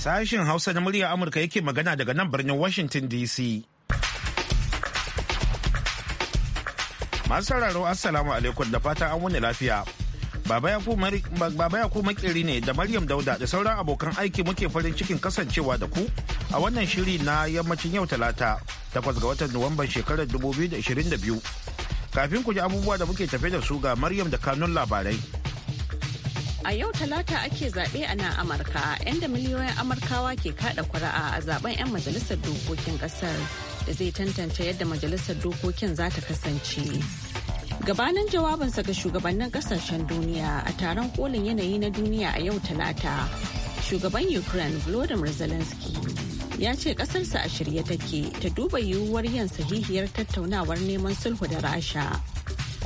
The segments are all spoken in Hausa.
Sashen Hausa na muryar Amurka yake magana daga nan birnin Washington DC. Masu sauraro Assalamu alaikum da fata an wuni lafiya. Baba ya ku makeri ne da Maryam Dauda da sauran abokan aiki muke farin cikin kasancewa da ku a wannan shiri na yammacin yau talata takwas ga watan Nuwamban shekarar 2022. Kafin ku ji abubuwa da muke tafe da su ga Maryam da kanun labarai. A yau talata ake zaɓe a nan Amurka inda miliyoyin Amurkawa ke kaɗa kuri'a a zaben 'yan majalisar dokokin ƙasar da zai tantance yadda majalisar dokokin za ta kasance. Gabanin jawabinsa ga shugabannin ƙasashen duniya a taron kolin yanayi na duniya a yau talata, shugaban Ukraine Volodymyr Zelensky ya ce ƙasarsa a shirye take ta duba yiwuwar yin sahihiyar tattaunawar neman sulhu da Rasha.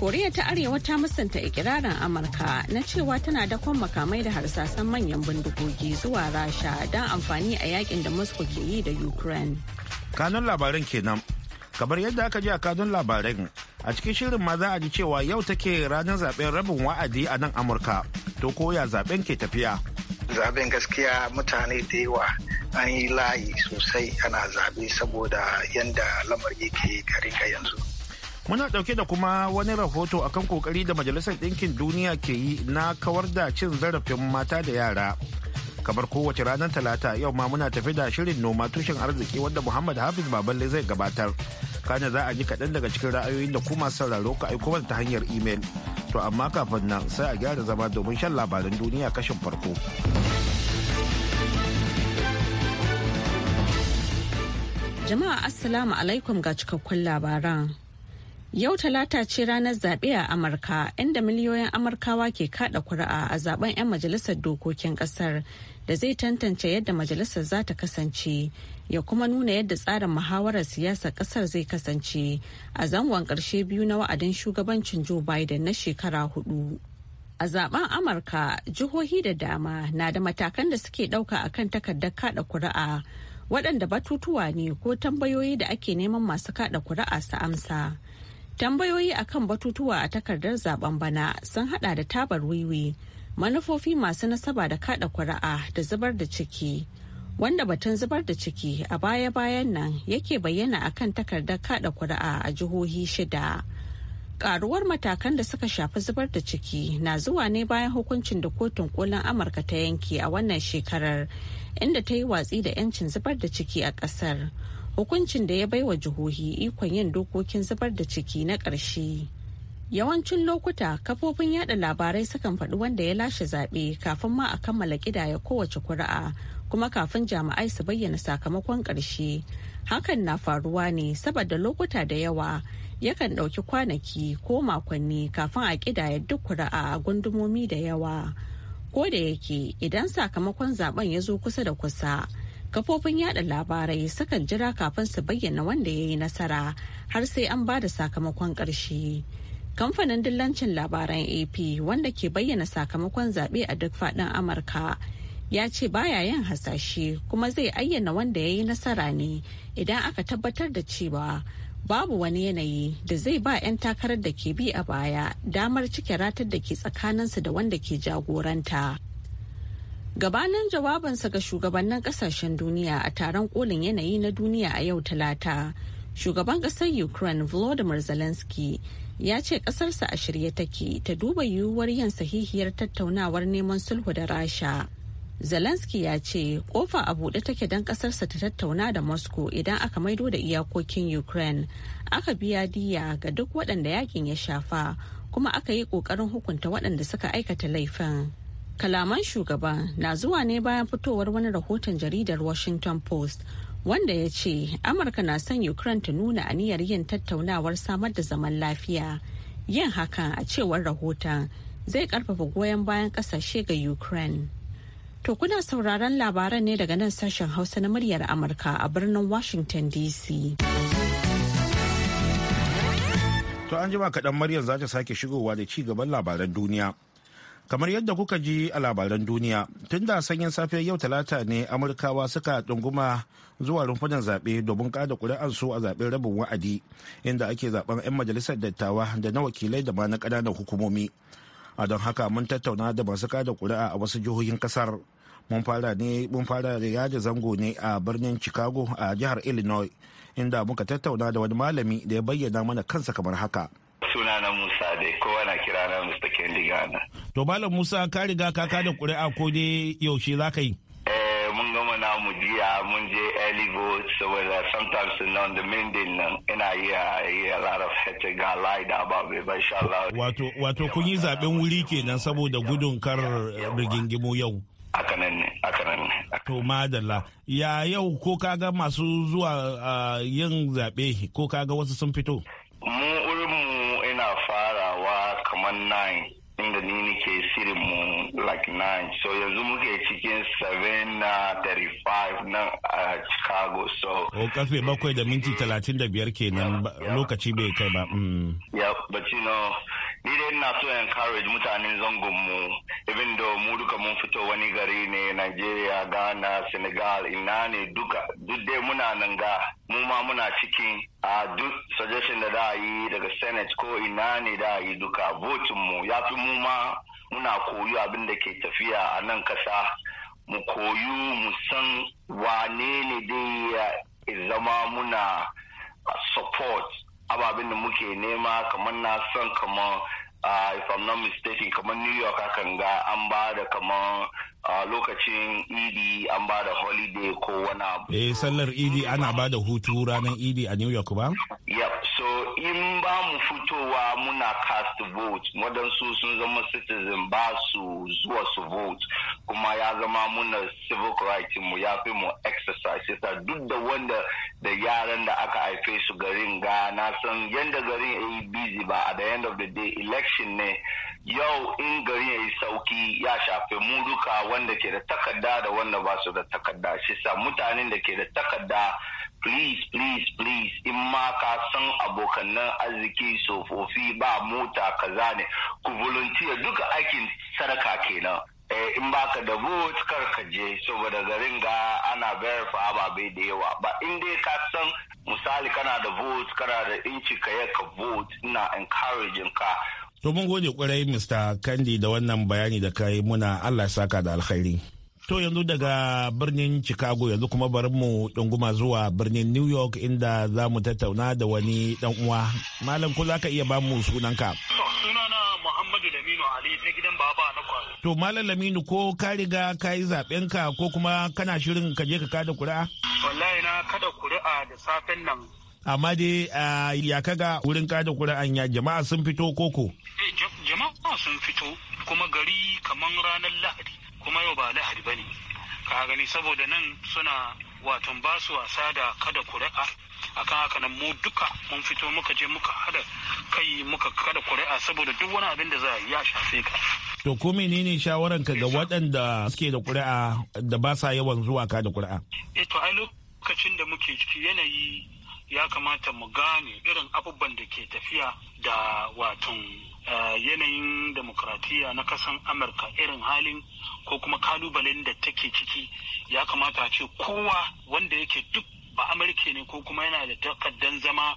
koriya ta arewa ta musanta ikirarin amurka na cewa tana dakon makamai da harsasan manyan bindigogi zuwa rasha don amfani a yakin da moscow ke yi da ukraine kanun labaran kenan kamar yadda aka ji a kanun labaran a cikin shirin ma za a ji cewa yau take ranar zaben rabin wa'adi a nan amurka to koya zaben ke tafiya zaben gaskiya mutane da yawa an yi layi sosai ana zabe saboda yadda lamar yake garin yanzu Muna ɗauke da kuma wani rahoto akan kokari da Majalisar Ɗinkin Duniya ke yi na kawar da cin zarafin mata da yara. Kamar kowace ranar Talata yau ma muna tafi da shirin noma tushen arziki wanda Muhammad Hafiz Baballe zai gabatar. Kana za a ji kaɗan daga cikin ra'ayoyin da kuma sauraro ka aiko ta hanyar imel. To amma kafin nan sai a gyara zama domin shan labaran duniya kashin farko. Jama'a Assalamu alaikum ga cikakkun labaran. Yau talata ce ranar zaɓe a Amurka inda miliyoyin Amurkawa ke kaɗa kuri'a a zaben 'yan majalisar dokokin ƙasar da zai tantance yadda majalisar za ta kasance ya kuma nuna yadda tsarin muhawarar siyasar ƙasar zai kasance a zangon ƙarshe biyu na wa'adin shugabancin Joe Biden na shekara hudu. A zaben Amurka, jihohi da dama na da matakan da suke ɗauka kan takardar kaɗa kuri'a waɗanda batutuwa ne ko tambayoyi da ake neman masu kaɗa kuri'a su amsa. Tambayoyi akan batutuwa a takardar zaben bana sun hada da tabar wiwi, manufofi masu nasaba da kada kuri'a da zubar da ciki. Wanda batun zubar da ciki a baya-bayan nan yake bayyana akan takardar kada kuri'a a jihohi shida. Karuwar matakan da suka shafi zubar da ciki na zuwa ne bayan hukuncin da kotun kolin Amurka ta yanke a wannan shekarar, inda ta yi watsi da 'yancin zubar da ciki a ƙasar. hukuncin da ya bai wa jihohi ikon yin dokokin zubar da ciki na ƙarshe. Yawancin lokuta kafofin yada labarai sukan faɗi wanda ya lashe zaɓe kafin ma a kammala ƙidaya kowace kuri'a kuma kafin jami'ai su bayyana sakamakon ƙarshe. Hakan na faruwa ne saboda lokuta da yawa yakan ɗauki kwanaki ko makonni kafin a ƙidaya duk kuri'a a gundumomi da yawa. Ko da yake idan sakamakon zaben ya zo kusa da kusa. kafofin yada labarai sukan jira kafin su bayyana wanda ya yi nasara har sai an ba da sakamakon ƙarshe kamfanin dillancin labaran ap wanda ke bayyana sakamakon zaɓe a duk faɗin amurka ya ce baya yin hasashe kuma zai ayyana wanda ya yi nasara ne idan aka tabbatar da cewa babu wani yanayi da zai ba 'yan takarar da ke bi a baya damar cike ratar da ke tsakaninsu da wanda ke jagoranta gabanin jawabinsa ga shugabannin kasashen duniya a taron kolin yanayi na duniya a yau talata shugaban kasar ukraine volodymyr zelensky ya ce kasarsa a shirye take ta duba yiwuwar yin sahihiyar tattaunawar neman sulhu da rasha zelensky ya ce kofa a buɗe take don kasarsa ta tattauna da moscow idan aka maido da iyakokin ukraine aka biya diya ga duk waɗanda yakin ya shafa kuma aka yi ƙoƙarin hukunta waɗanda suka aikata laifin Kalaman shugaba na zuwa ne bayan fitowar wani rahoton jaridar Washington Post wanda ya ce Amurka na son Ukraine ta nuna aniyar yin tattaunawar samar da zaman lafiya. Yin hakan a cewar rahoton zai karfafa goyon bayan kasashe ga Ukraine. To kuna sauraron labaran ne daga nan sashen Hausa na muryar Amurka a birnin Washington DC. To an jima kaɗan Maryam za ta sake shigowa da ci gaban labaran duniya. kamar yadda kuka ji a labaran duniya tun da sanyin safiyar yau talata ne amurkawa suka ɗunguma zuwa rumfunan zaɓe domin kada su a zaɓen rabin wa'adi inda ake zaɓen 'yan majalisar dattawa da na wakilai da ma na ƙananan hukumomi a don haka mun tattauna da masu kada kuri'a a wasu jihohin ƙasar mun fara ne mun fara da zango ne a birnin chicago a jihar illinois inda muka tattauna da wani malami da ya bayyana mana kansa kamar haka sunana Musa dai kowa na kira na Mr. Kendi Ghana. To Malam Musa ka riga ka kada ƙuri'a ko dai yaushe za ka yi? Eh mun gama namu jiya mun je early vote saboda sometimes on the main din nan ina iya yi a lot of hate ga laida ba bai ba insha Allah. Wato wato kun yi zaben wuri kenan saboda gudun kar rigingimu yau. Haka nan ne, haka nan ne. To madalla, ya yau ko kaga masu zuwa ah, yin zaɓe ko kaga wasu sun fito? inda ni nake sirin mu like nine so yanzu muke cikin seven na thirty five nan a chicago so o oh, karfe bakwai da minti talatin da biyar kenan lokaci bai kai ba mm. ya but ni dai ina so encourage mutanen zangon mu even though mu duka mun fito wani gari ne Nigeria Ghana Senegal ina ne duka duk dai muna nan ga mu ma muna cikin a duk suggestion da da yi daga Senate ko ina ne da yi duka votin mu yafi mu ma muna koyo abin da ke tafiya a nan kasa mu koyu mu san wane ne dai zama muna support ababen da muke nema kamar na son kamar ah, if I'm not mistaken kamar New York hakan ga an ba da kamar a lokacin idi an ba da holiday ko wani abu. Eh sallar idi ana ba da hutu ranar idi a New York ba? Yep, so in ba mu fitowa muna cast vote waɗansu sun zama citizen ba su zuwa su vote kuma ya zama muna civil rights mu ya fi mu exercise duk da wanda da yaran da aka haife su garin ga na san yadda garin ya yi busy ba a the end of the day election ne yau in garin ya yi sauki ya shafe mu duka wanda ke da takarda da wanda ba su da takarda shi sa mutanen da ke da takarda please please please in ma ka san abokanan arziki tsofaffi ba mota kaza ne ku volunteer duka aikin sadaka kenan eh, in ba ka da vote kar ka je saboda garin ga ana verify ababe da yawa ba in dai ka san misali kana da vote kana da inci ka ka vote ina encouraging ka To mun gode kwarai Mr. Kandi da wannan bayani da kai muna Allah saka da alkhairi. To yanzu daga birnin Chicago yanzu kuma bari mu ɗunguma zuwa birnin New York inda za mu tattauna da wani dan uwa. Malam ko za ka iya ba mu sunanka? Sunana Muhammadu Laminu Ali na gidan baba na kwaro. To Malam Laminu ko ka riga ka yi ka ko kuma kana shirin ka je ka kada kuri'a? Wallahi na kada kuri'a da safen nan amma dai ya kaga wurin kada kuri'an ya jama'a sun fito koko eh, jama'a sun fito kuma gari kamar ranar lahadi kuma yau ba lahadi ba ne ka gani saboda nan suna watan ba su wasa da kada kuri'a akan haka nan mu duka mun fito muka je muka hada kai muka kada kuri'a saboda duk wani abin da za a ya shafe ka to ko menene shawaran ka ga waɗanda suke da kuri'a da ba sa yawan zuwa kada kuri'a eh to a lokacin da muke ciki yanayi ya kamata mu gane irin abubuwan da ke tafiya da watan eh, yanayin demokratiya na kasan amurka irin halin ko kuma kalubalen da take ciki ya kamata a ce kowa wanda yake duk ba amurke ne ko kuma yana da takaddan zama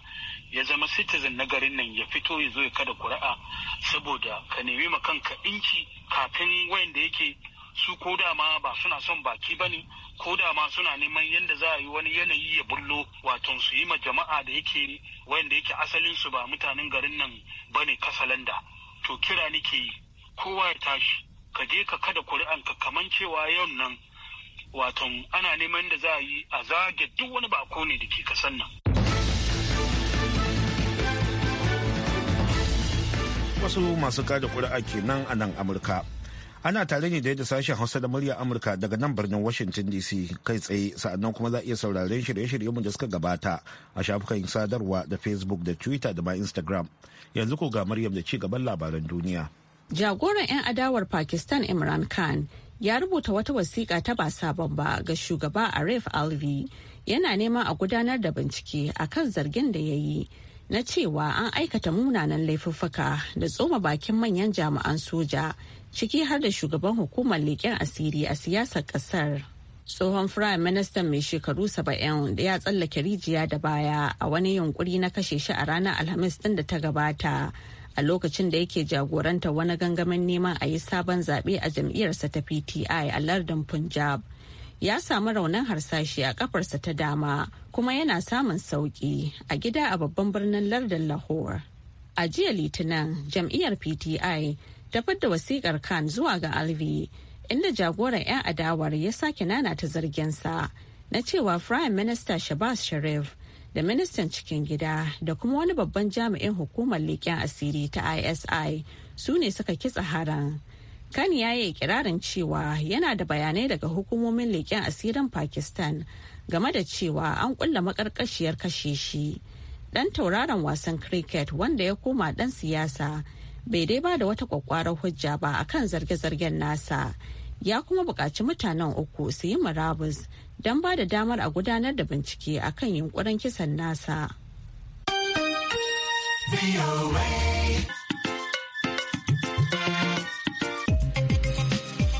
ya zama citizen na garin nan ya fito ya zo ya kada kuri'a saboda ka nemi ma kanka inci kafin wayanda yake su ko dama ba suna son baki ba ne ko dama suna neman yadda za a yi wani yanayi ya bullo wato su yi ma jama'a da yake wanda yake asalin su ba mutanen garin nan ba ne kasalanda to kira nike yi kowa ya tashi ka je ka kada kuri'an ka kaman cewa yau nan waton ana neman da za a yi a zage duk wani bako ne da ke kasan nan. Wasu masu kada kuri'a kenan a nan Amurka. ana tare ne da sashen hausa da murya amurka daga nan birnin washington dc kai tsaye sa'annan kuma za iya sauraren shirye-shiryenmu da suka gabata a shafukan sadarwa da facebook da twitter da ma instagram yanzu ko ga maryam da ci gaban labaran duniya jagoran 'yan adawar pakistan imran khan ya rubuta wata wasiƙa ta ba sabon ba ga shugaba arif alvi yana neman a gudanar da bincike akan zargin da ya yi na cewa an aikata munanan laifuffuka da tsoma bakin manyan jami'an soja ciki har da shugaban hukumar leƙen asiri a siyasar ƙasar. tsohon firayim ministan mai shekaru 70 da ya tsallake rijiya da baya a wani yunkuri na kashe shi a ranar alhamis din da ta gabata a lokacin da yake jagoranta wani gangamin neman a yi sabon zaɓe a jam'iyyarsa ta pti a lardin punjab ya samu raunin harsashi a kafarsa ta dama kuma yana samun sauki a gida a babban birnin lardin lahore a jiya litinin jam'iyyar pti ta fidda wasikar khan zuwa ga alvi inda jagoran 'yan adawar ya sake nana zargin sa na cewa prime minister shabazz sharif da ministan cikin gida da kuma wani babban jami'in hukumar leƙen asiri ta isi su ne suka kitsa haran Kani ya yi kirarin cewa yana da bayanai daga hukumomin leƙen asirin Pakistan game da cewa an kulla makarkashiyar kashe shi. Ɗan tauraron wasan cricket wanda ya koma ɗan siyasa bai dai ba da wata kwakwarar hujja ba akan zarge-zargen nasa. Ya kuma buƙaci mutanen uku su yi murabus don ba da damar a gudanar da bincike akan yunkurin kisan nasa.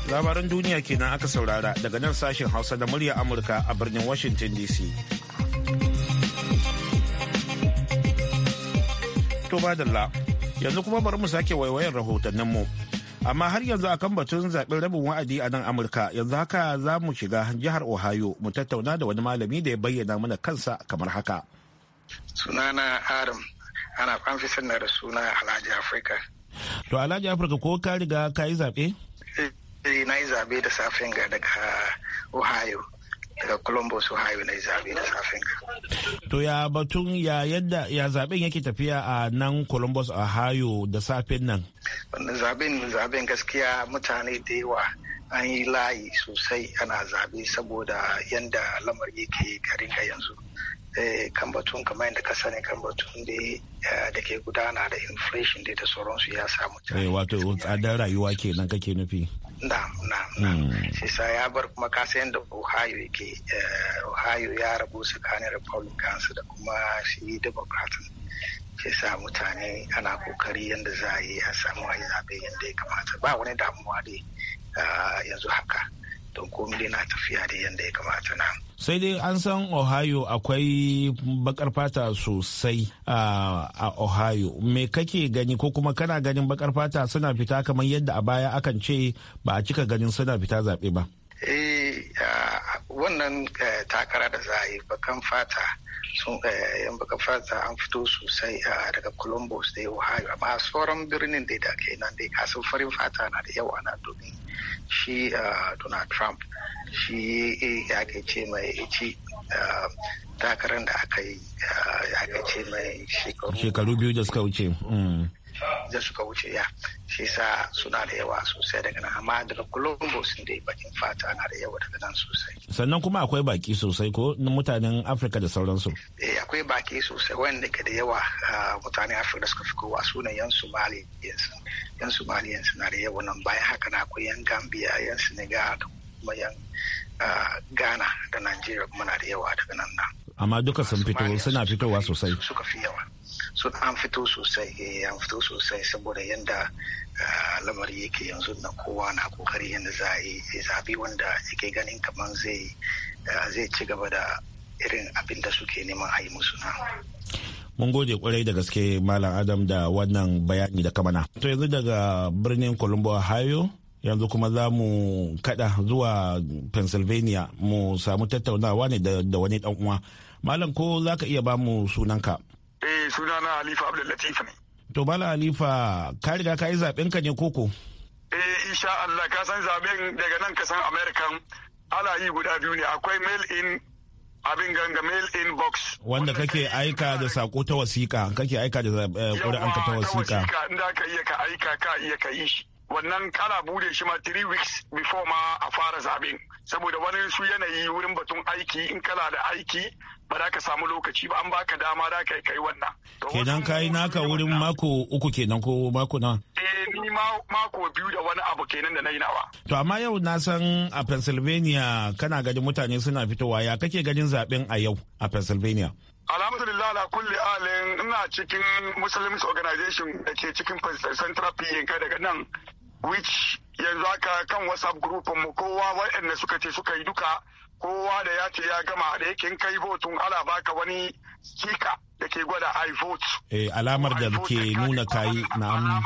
labaran duniya kenan aka saurara daga nan sashen hausa da murya amurka a birnin washington dc to badalla yanzu kuma bari mu sake waiwayan rahotanninmu amma har yanzu akan batun zaɓen rabin wa'adi a nan amurka yanzu haka za mu shiga jihar ohio mu tattauna da wani malami da ya bayyana mana kansa kamar haka sunana adam ana an da suna alhaji afirka to alhaji afirka ko ka riga ka yi zaɓe na yi zabe da safin ga daga ohio daga columbus ohio na yi zabe da safin ga to ya batun ya yadda ya zaben yake tafiya a nan columbus ohio da safin nan zaben zaben gaskiya mutane da yawa an yi layi sosai ana zabe saboda yadda lamar yake garin ga yanzu eh, kan batun kamar yadda ka sani kan batun eh, da ke gudana da inflation da sauransu ya samu eh, wato tsadar rayuwa kenan kake nufi na na hmm. shi sa ya bar kuma kasa yadda ohio yake eh, ohio ya rabu tsakanin republicans da kuma shi democrats shi sa mutane ana kokari yadda za a yi a samu a yi zaɓe yadda ya kamata ba wani damuwa dai eh, yanzu haka to komi dai na tafiya da yadda ya kamata na. sai dai an san ohio akwai bakar fata sosai a ohio me kake gani ko kuma kana ganin bakar fata suna fita kamar yadda a baya akan ce ba a cika ganin suna fita zaɓe ba eh wannan eh, takara da za a yi bakan fata sun eh, yan bakan fata an fito sosai daga columbus da ohio amma sauran birnin da da ke nan da kasu farin fata na da yawa na domin shi eh, donald trump shi ya ke ce mai ci takarar da aka yi ya ke ce mai shekaru biyu da suka wuce mm. zai suka wuce ya shi sa suna da yawa sosai daga nan amma daga sun da bakin fata na da yawa daga nan sosai sannan kuma akwai baki sosai ko na mutanen afirka da sauransu eh akwai baki sosai wanda ke da yawa mutanen afirka suka fi kowa sunan yan somalians yan somalians na da yawa nan bayan haka na akwai yan gambia yan senegal da kuma yan ghana da nigeria kuma na da yawa daga nan nan amma duka sun fito suna fitowa sosai suka fi yawa sun an fito sosai eh, an fito sosai saboda yadda ah, lamari yake yanzu na kowa na kokari yadda za a yi zabi wanda yake ganin kamar zai ah, zai ci gaba da irin abin da suke neman a yi musu na mun gode kwarai da gaske malam adam da wannan bayani da kamana to yanzu daga birnin colombo ohio yanzu kuma za mu kada zuwa pennsylvania mu samu tattaunawa ne da wani dan uwa malam ko za ka iya bamu sunanka eh sunana halifa abdullatif ne to bala Alifa ka riga ka yi zaben ka ne koko eh insha Allah ka san zaben daga nan ka san american ala yi guda biyu ne akwai mail in abin ganga mail in box wanda kake aika da sako ta wasiƙa kake aika da eh, ka ta wasiƙa inda ka iya ka aika ka iya ka yi shi wannan kana bude shi ma 3 weeks before ma a fara zaben saboda wani su yanayi wurin batun aiki in kana da aiki ba za ka samu lokaci ba an baka dama za ka kai wannan. Kenan ka yi naka wurin mako uku kenan ko mako na? Eh ni mako biyu da wani abu kenan da na yi nawa. To amma yau na san a Pennsylvania kana ganin mutane suna fitowa ya kake ganin zaben a yau a Pennsylvania? alhamdulillah ala kulli alin ina cikin muslims organization da ke cikin central pa daga nan which yanzu haka kan whatsapp group mu kowa waɗanda suka ce suka yi duka kowa da ya ce ya gama da yake kai votun ala baka wani cika da ke gwada i vote eh alamar da ke nuna kai na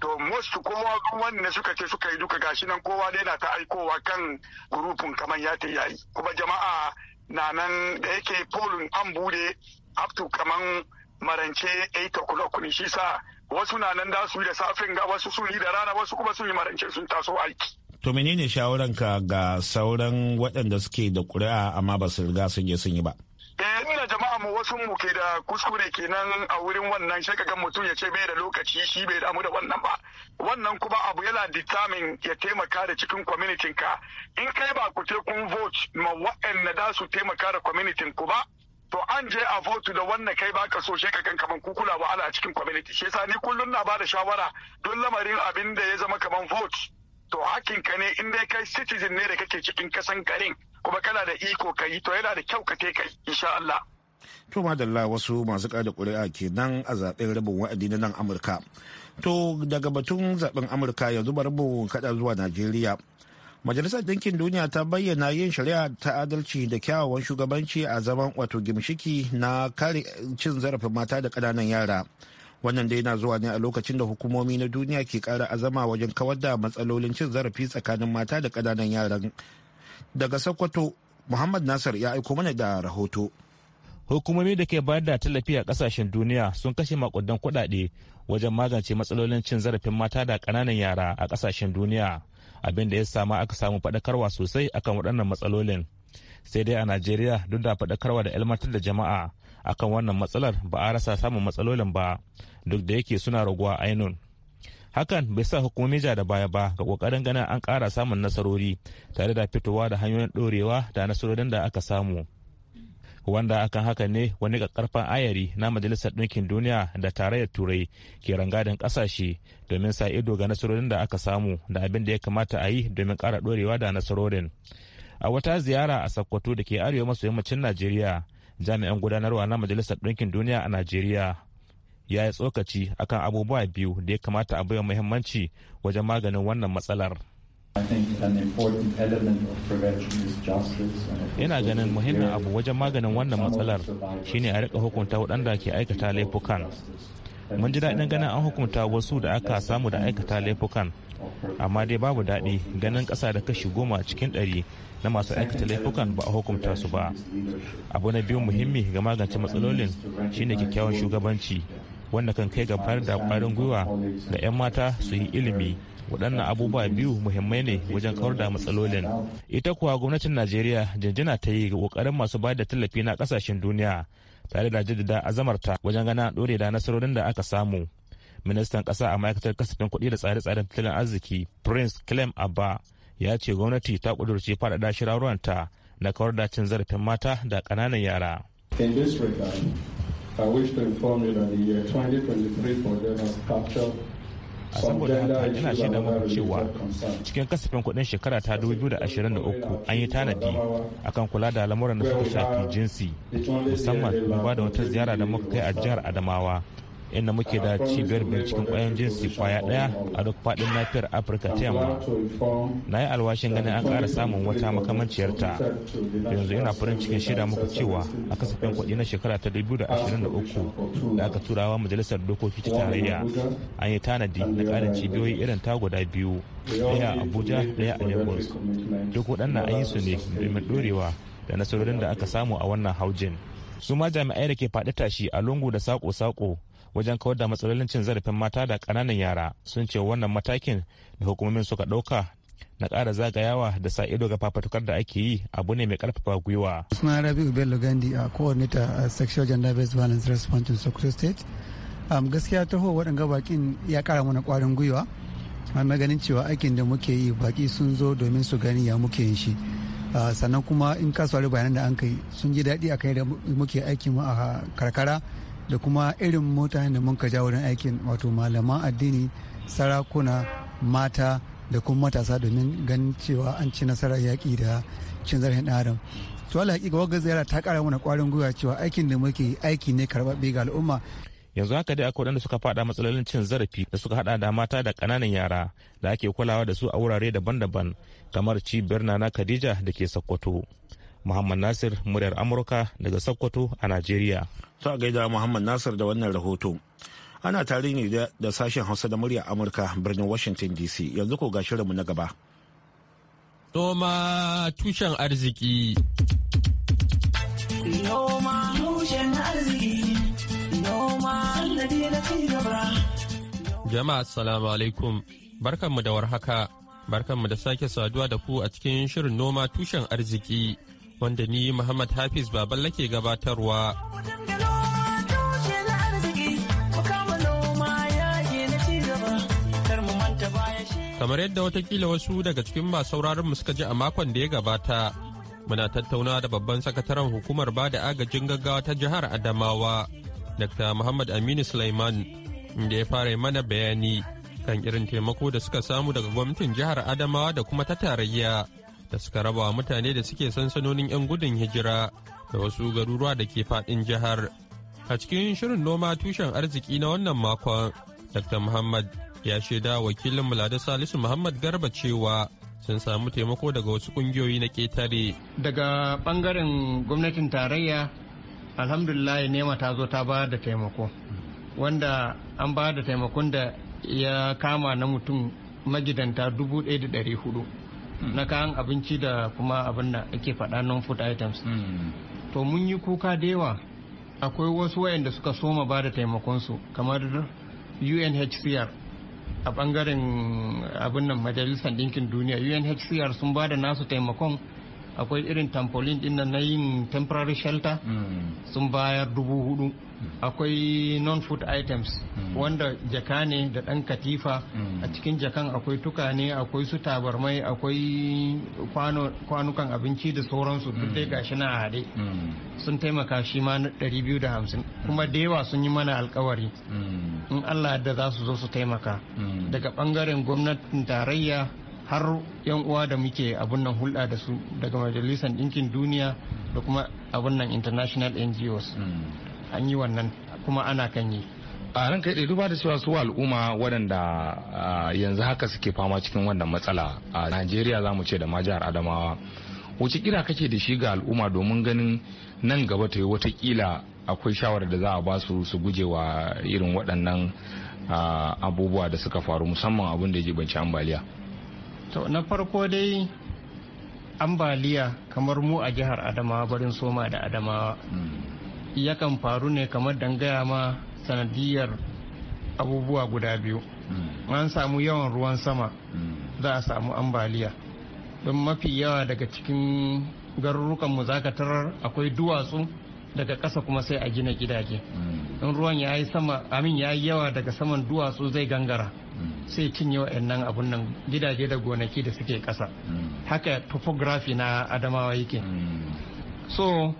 to most kuma wanda suka ce suka yi duka gashi nan kowa da yana ta aikowa kan gurufin kamar ya ta yayi kuma jama'a na nan da yake polin an bude up to kaman marance 8 o'clock ne shi sa wasu na nan da su yi da safin ga wasu sun yi da rana wasu kuma sun yi marance sun taso aiki To menene shawaranka ga sauran waɗanda suke da ƙuri'a amma ba su riga sun je sun yi ba? Eh ina jama'a mu wasu mu ke da kuskure kenan a wurin wannan sai kaga mutum ya ce bai da lokaci shi bai damu da wannan ba. Wannan kuma abu yana determine ya taimaka da cikin community ka. In kai ba ku te kun vote ma waɗanda da su taimaka da community ku ba. To an je a vote da wannan kai ba ka so shi kakan kaman kukula wahala a cikin community. Shi yasa ni kullum na ba da shawara don lamarin abin da ya zama kaman vote. to hakin ka ne in dai kai citizen ne da kake cikin kasan garin kuma kana da iko ka yi to yana da kyau ka te kai insha Allah to madalla wasu masu kada ƙuri'a kenan a zaben rabin wa'adi na nan Amurka to daga batun zaɓen Amurka yanzu bar mu kada zuwa Najeriya Majalisar Ɗinkin Duniya ta bayyana yin shari'a ta adalci da kyawawan shugabanci a zaman wato gimshiki na kare cin zarafin mata da ƙananan yara. wannan dai na zuwa ne a lokacin da hukumomi na duniya ke kara azama wajen kawar da matsalolin cin zarafi tsakanin mata da kananan yaran daga sokoto muhammad nasir ya aiko mana da rahoto hukumomi da ke bayar da tallafi a kasashen duniya sun kashe makudan kuɗaɗe wajen magance matsalolin cin zarafin mata da kananan yara a kasashen duniya abin da ya sama aka samu faɗakarwa sosai akan waɗannan matsalolin sai dai a najeriya duk da faɗakarwa da ilmantar da jama'a akan wannan matsalar ba a rasa samun matsalolin ba duk da yake suna raguwa ainun hakan bai sa hukumomi da baya ba ga kokarin ganin an kara samun nasarori tare da fitowa da hanyoyin ɗorewa da nasarorin da aka samu wanda akan haka ne wani karfan ayari na majalisar ɗinkin duniya da tarayyar turai ke rangadin ƙasashe domin sa ido ga nasarorin da aka samu da abin da ya kamata a yi domin ƙara ɗorewa da nasarorin a wata ziyara a sakkwato da ke arewa maso yammacin najeriya jami'an gudanarwa na majalisar ɗinkin duniya a najeriya ya yi tsokaci akan abubuwa biyu da ya kamata a baiwa muhimmanci wajen maganin wannan matsalar yana ganin muhimmin abu wajen maganin wannan matsalar shine a rika hukunta waɗanda ke aikata laifukan. Mun ji daɗin ganin an hukunta wasu da aka samu da aikata laifukan, amma dai babu daɗi ganin ƙasa da kashi goma cikin ɗari na masu aikata laifukan ba a hukunta su ba abu na biyu muhimmi ga magance matsalolin shine kyakkyawan shugabanci wanda kan kai ga bayar da kwarin gwiwa da 'yan mata su yi ilimi waɗannan abubuwa biyu muhimmai ne wajen kawar da matsalolin ita kuwa gwamnatin najeriya jinjina ta yi ga ƙoƙarin masu bayar da tallafi na ƙasashen duniya tare da jaddada azamarta wajen gana ɗore da nasarorin da aka samu ministan ƙasa a ma'aikatar kasafin kuɗi da tsare-tsaren tattalin arziki prince clem abba ya ce gwamnati ta kudurci faɗaɗa shirarwanta na kawar da cin zarafin mata da ƙananan yara. In this a saboda haka ina shaida muku cewa cikin kasafin kuɗin shekara ta 2023 an yi tanadi akan kula da lamuran da suka shafi jinsi musamman ba da wata ziyara da muka kai a jihar adamawa inda muke da cibiyar binciken kwayan jinsi kwaya daya a duk faɗin lafiyar afirka ta yamma na yi alwashin ganin an kara samun wata makamanciyarta yanzu yana farin cikin shida muku cewa a kasafin kuɗi na shekara ta 2023 da aka turawa majalisar dokoki ta tarayya an yi tanadi na ƙarin cibiyoyi irin ta guda biyu ɗaya abuja ɗaya a lagos duk waɗannan an yi su ne domin ɗorewa da nasarorin da aka samu a wannan haujin suma jami'ai da ke faɗi tashi a lungu da sako-sako wajen kawar da matsalolin cin zarafin mata da kananan yara sun ce wannan matakin da hukumomin suka ɗauka na ƙara zagayawa da sa ido ga fafatukar da ake yi abu ne mai ƙarfafa gwiwa. suna Rabi'u Bello Gandi a coordinator Sexual Gender Based Violence Response in Sokoto State. gaskiya taho waɗanga bakin ya ƙara mana ƙwarin gwiwa. Amma ganin cewa aikin da muke yi baki sun zo domin su gani ya muke yin shi. sannan kuma in kasuwar bayanan da an kai sun ji daɗi a kai da muke aiki mu a karkara da kuma irin mutane da mun ka ja wurin aikin wato malaman addini sarakuna mata da kuma matasa domin ganin cewa an ci nasarar yaƙi da cin zarafin ɗan adam to Allah hakika wagga ziyara ta ƙara mana ƙwarin gwiwa cewa aikin da muke aiki ne karɓaɓɓe ga al'umma yanzu haka dai akwai waɗanda suka faɗa matsalolin cin zarafi da suka haɗa da mata da ƙananan yara da ake kulawa da su a wurare daban-daban kamar cibiyar na khadija da ke sokoto Muhammad Nasir muryar Amurka daga Sokoto a Najeriya. Ta gaida Muhammad Nasir da wannan rahoto. Ana tare ne da sashen Hausa da muryar Amurka birnin Washington DC yanzu ko gashi mu na gaba. Noma tushen arziki. Jama'a assalamu alaikum barkanmu da warhaka barkanmu da sake saduwa da ku a cikin shirin noma tushen arziki wanda ni Muhammad Hafiz Baban ke gabatarwa. Kamar yadda watakila wasu daga cikin masu mu suka ji a makon da ya gabata, muna tattauna da babban sakataren hukumar ba da agajin gaggawa ta jihar Adamawa, Dr. Muhammad Aminu Sulaiman, inda ya fara mana bayani kan irin taimako da suka samu daga gwamnatin jihar Adamawa da kuma ta tarayya. da suka raba wa mutane da suke sansanonin 'yan gudun hijira da wasu garuruwa da ke faɗin jihar. A cikin shirin noma tushen arziki na wannan makon, Dr. Muhammad ya shaida wakilin Mulada Salisu Muhammad Garba cewa sun samu taimako daga wasu kungiyoyi na ketare. Daga bangaren gwamnatin tarayya, alhamdulillah nema ta zo ta ba da taimako. Wanda an ba da taimakon da ya kama na mutum magidanta dubu ɗaya da ɗari hudu. Hmm. na kayan abinci da kuma abin da ake faɗa non food items hmm. to mun yi kuka da yawa akwai wasu wayanda suka soma ba da taimakonsu kamar unhcr a bangaren abin nan majalisar ɗinkin duniya unhcr sun ba da nasu taimakon akwai irin tampolin din na yin temporary shelter hmm. sun bayar dubu hudu hmm. akwai non-food items hmm. wanda jaka ne da ɗan katifa a cikin jakan akwai tukane akwai su tabarmai akwai kwanukan abinci da sauransu duk dai gashi na hade sun taimaka shi ma na 250 kuma da yawa sun yi mana alkawari in allah da za su zo su taimaka daga ɓangaren gwamnatin tarayya har yan uwa da muke abun nan hulɗa da su daga majalisar ɗinkin duniya da kuma abun nan international ngos mm. an yi wannan kuma ana kan yi a ran kai duba da cewa su al'umma waɗanda yanzu haka suke fama cikin wannan matsala a najeriya za mu ce da ma jihar adamawa wace kira kake da shi ga al'umma domin ganin nan gaba ta yi watakila akwai shawarar da za a ba su su wa irin waɗannan abubuwa da suka faru musamman abin da ya jibanci ambaliya to na farko dai ambaliya kamar mu a jihar adamawa barin soma da adamawa hmm. yakan faru ne kamar dangaya ma sanadiyar abubuwa guda biyu hmm. an samu yawan ruwan sama hmm. za a samu ambaliya don mafi yawa daga cikin garurukanmu za ka tarar akwai duwatsu daga ƙasa kuma sai a gina gidaje in ruwan ya yi sama amin ya yi yawa daga saman duwatsu zai gangara Mm. sai cinye wa'annan abun nan gidaje da gonaki da suke ƙasa mm. haka topography na adamawa yake mm. so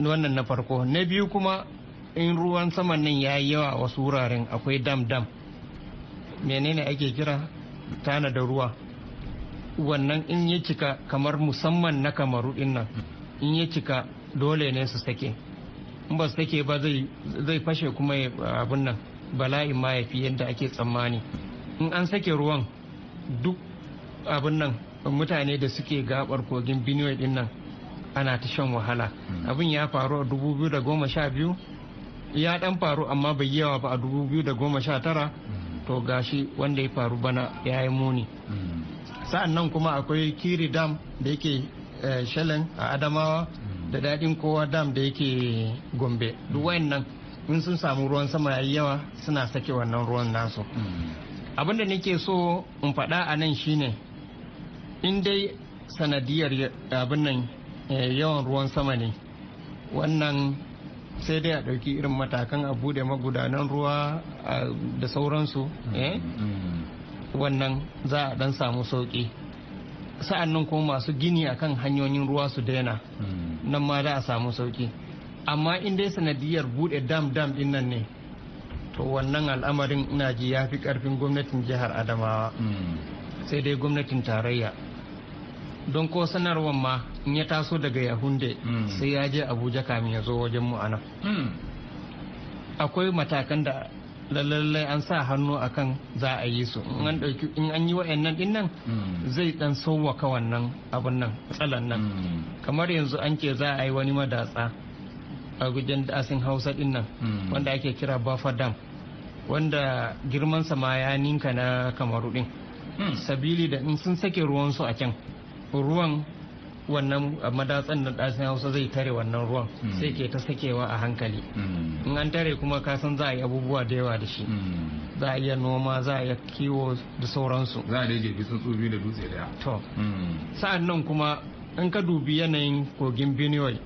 wannan na farko na biyu kuma in ruwan saman nan ya yi yawa wasu wuraren akwai dam dam menene ake kira tana da ruwa wannan in ya cika kamar musamman na kamaru din nan in ya cika dole ne su sake in ba su sake ba zai fashe kuma abun nan bala'in ma ya fi yadda ake tsammani in an sake ruwan duk abin nan mutane da suke gabar kogin benue din nan ana ta shan wahala hmm. abin ya faru a 2012 ya dan faru amma bai yawa ba a 2019 hmm. to gashi wanda ya faru bana ya yi muni hmm. sa'an nan kuma akwai kiri dam da yake eh, shelen a adamawa da daɗin kowa dam da yake gombe duk wayannan in sun samu ruwan sama yayi yawa suna sake wannan ruwan nasu hmm. abinda nake so in faɗa a nan shine in dai sanadiyar abin nan eh, yawan ruwan sama ne wannan sai dai a ɗauki irin matakan a bude magudanan ruwa da sauransu hmm. Eh? Hmm. wannan za a ɗan samu sauƙi sa'an nan kuma masu gini akan hanyoyin ruwa su daina nan ma za a samu sauƙi amma in dai sanadiyar bude dam dam din nan ne to wannan al'amarin ina ji ya fi karfin gwamnatin jihar adamawa hmm. sai dai gwamnatin tarayya don ko sanarwar ma in ya taso daga yahunde hmm. sai ya je abuja kamin ya zo wajen mu hmm. akwai matakan da lallai an sa hannu akan za a yi su in an yi wa'annan din nan zai dan sauwaka wannan abun nan tsalan nan kamar yanzu an ce za a yi wani madatsa a gujen dasin hausa din nan hmm. wanda ake kira buffer dam wanda sa ma ya ninka na kamaru din hmm. sabili da in sun sake ruwansu a can ruwan wannan madatsan da dasin hausa zai tare wannan ruwan hmm. sai ke ta sakewa a hankali in an tare kuma ka san za a yi abubuwa da yawa da shi za a iya noma za a iya kiwo da sauransu za a daidai bisa tsubi da dutse daya to sa'an nan kuma in ka dubi yanayin kogin benue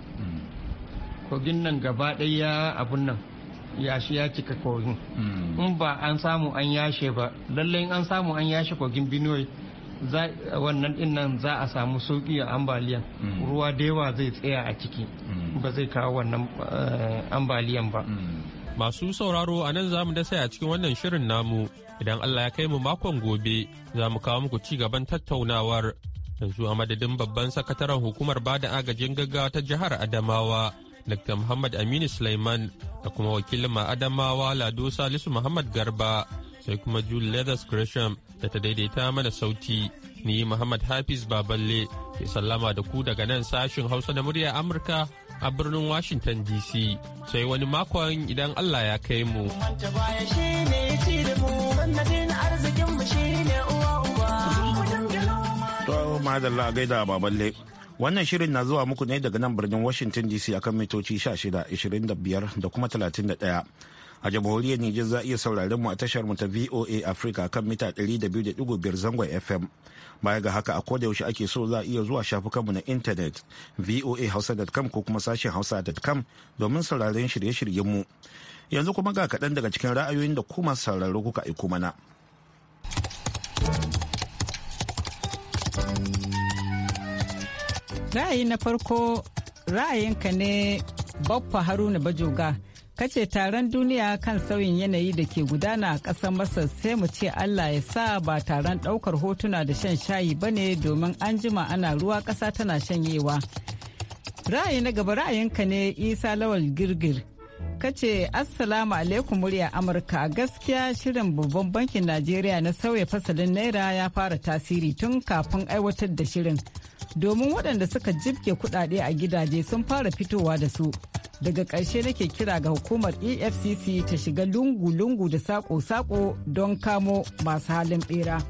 kogin nan gaba ɗaya abun nan yashi ya cika kogin hmm. in ba an samu an yashe ba lallai an samu an yashe kogin benue wannan din nan za a samu sauki a ambaliyan hmm. ruwa da yawa zai tsaya a ciki hmm. ba zai kawo wannan eh, ambaliyan ba masu sauraro a nan za mu dasa a cikin wannan shirin namu idan allah ya kai mu makon gobe za mu kawo muku ci gaban tattaunawar yanzu a madadin babban sakataren hukumar bada agajin gaggawa ta jihar adamawa Dr. Muhammad Aminu Sulaiman da kuma wakilin ma'adamawa Lado Salisu Muhammad Garba sai kuma Julie Leathers Gresham da ta daidaita mana sauti. Ni Muhammad Hafiz Baballe ke sallama da ku daga nan sashin Hausa da murya Amurka a birnin Washington DC. Sai wani makon idan Allah ya kai mu. To madalla gaida Baballe. Wannan shirin na zuwa muku ne daga nan birnin Washington DC akan mitoci 16, 25 da kuma 31. a jamhuriyar Nijar za iya sauraron mu a tashar mu ta VOA Africa kan mita 200.5 zangon FM. Baya ga haka a koda yaushe ake so za a iya zuwa shafukan mu na intanet voahausa.com ko kuma sashen hausa.com domin sauraron shirye-shiryen mu. Yanzu kuma ga kaɗan daga cikin ra'ayoyin da kuma sauraro kuka aiko mana. Ra'ayi na farko ra'ayinka ne Baffa Haruna Bajoga. kace taron duniya kan sauyin yanayi da ke gudana a ƙasar masar sai mu ce allah ya sa ba taron ɗaukar hotuna da shan shayi ba ne domin an jima ana ruwa ƙasa tana shanyewa ra'ayi na gaba ra'ayinka ne isa lawal girgir kace assalamu alaikum murya amurka a gaskiya shirin babban bankin najeriya na sauya fasalin naira ya fara tasiri tun kafin aiwatar da shirin domin waɗanda suka jibge kuɗaɗe a gidaje sun fara fitowa da su daga ƙarshe nake kira ga hukumar efcc ta shiga lungu-lungu da sako-sako don kamo masu halin bera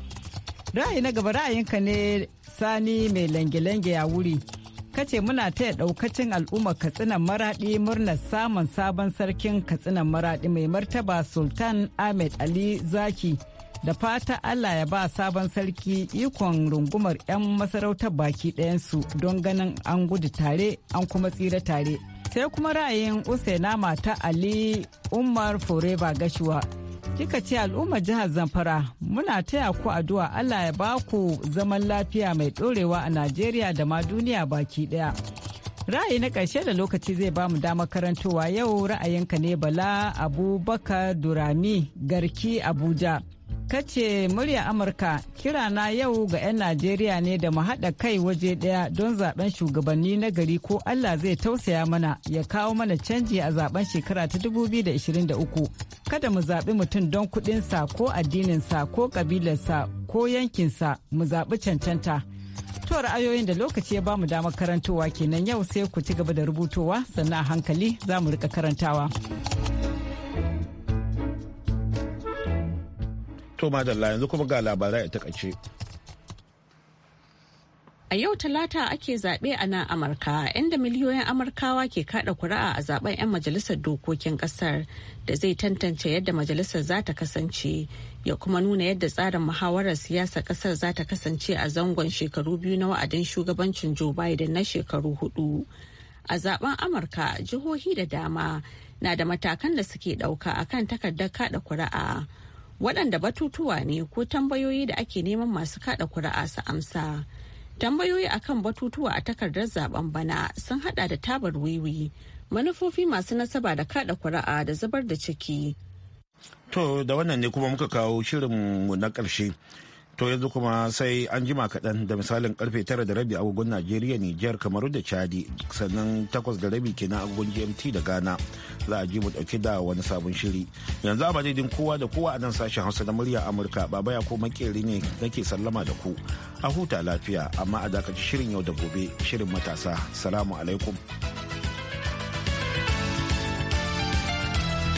ra'ayi na gaba ra'ayinka ne sani mai lange-lange ya wuri kace muna taya ɗaukacin al'ummar katsinan maraɗi murnar samun sabon sarkin katsinan maraɗi mai martaba sultan ahmed ali zaki da fata Allah ya ba sabon sarki ikon rungumar 'yan masarautar baki ɗayansu don ganin an gudu tare an kuma tsira tare. Sai kuma ra'ayin Usaina mata Ali Umar Foreba Gashuwa. Kika ce al'ummar jihar Zamfara muna taya ku addu'a Allah ya ba ku zaman lafiya mai ɗorewa a Najeriya da ma duniya baki ɗaya. Ra'ayi na ƙarshe da lokaci zai ba mu damar karantowa yau ra'ayinka ne Bala Abubakar Durami Garki Abuja. kace murya amurka kira na yau ga 'yan najeriya ne da mu haɗa kai waje ɗaya don zaben shugabanni na gari ko allah zai tausaya mana ya kawo mana canji a zaben shekara ta 2023 kada mu zaɓi mutum don kuɗinsa ko addininsa ko kabilarsa ko yankinsa mu zaɓi cancanta to ra'ayoyin da lokaci ya bamu damar karantowa kenan yau sai ku ci gaba da rubutowa sannan hankali za mu rika karantawa. To madalla yanzu kuma ga labarai a takaice. A yau Talata ake zaɓe a nan Amurka, inda miliyoyin Amurkawa ke kaɗa kuri'a a zaɓen 'yan majalisar dokokin ƙasar da zai tantance yadda majalisar za ta kasance, ya kuma nuna yadda tsarin muhawarar siyasa ƙasar za ta kasance a zangon shekaru biyu na wa'adin shugabancin Joe Biden na shekaru hudu. A zaɓen Amurka, jihohi da dama na da matakan da suke ɗauka akan takardar kaɗa kuri'a. waɗanda batutuwa ne ko tambayoyi da ake neman masu kada kuri'a su amsa. Tambayoyi akan batutuwa a takardar zaben bana sun hada da tabar wiwi, manufofi masu nasaba da kada kuri'a da zubar da ciki. To da wannan ne kuma muka kawo shirin mu na ƙarshe. To yanzu kuma sai an jima kaɗan da misalin karfe tara da rabi agogon Najeriya, Nijar, Kamaru da Chadi, sannan takwas da rabi kenan agogon GMT da Ghana. Za a ji mu ɗauki da wani sabon shiri. Yanzu a madadin kowa da kowa a nan sashen Hausa na murya Amurka, Baba ya ko makeri ne nake sallama da ku. A huta lafiya, amma a dakaci shirin yau da gobe, shirin matasa. Salamu alaikum.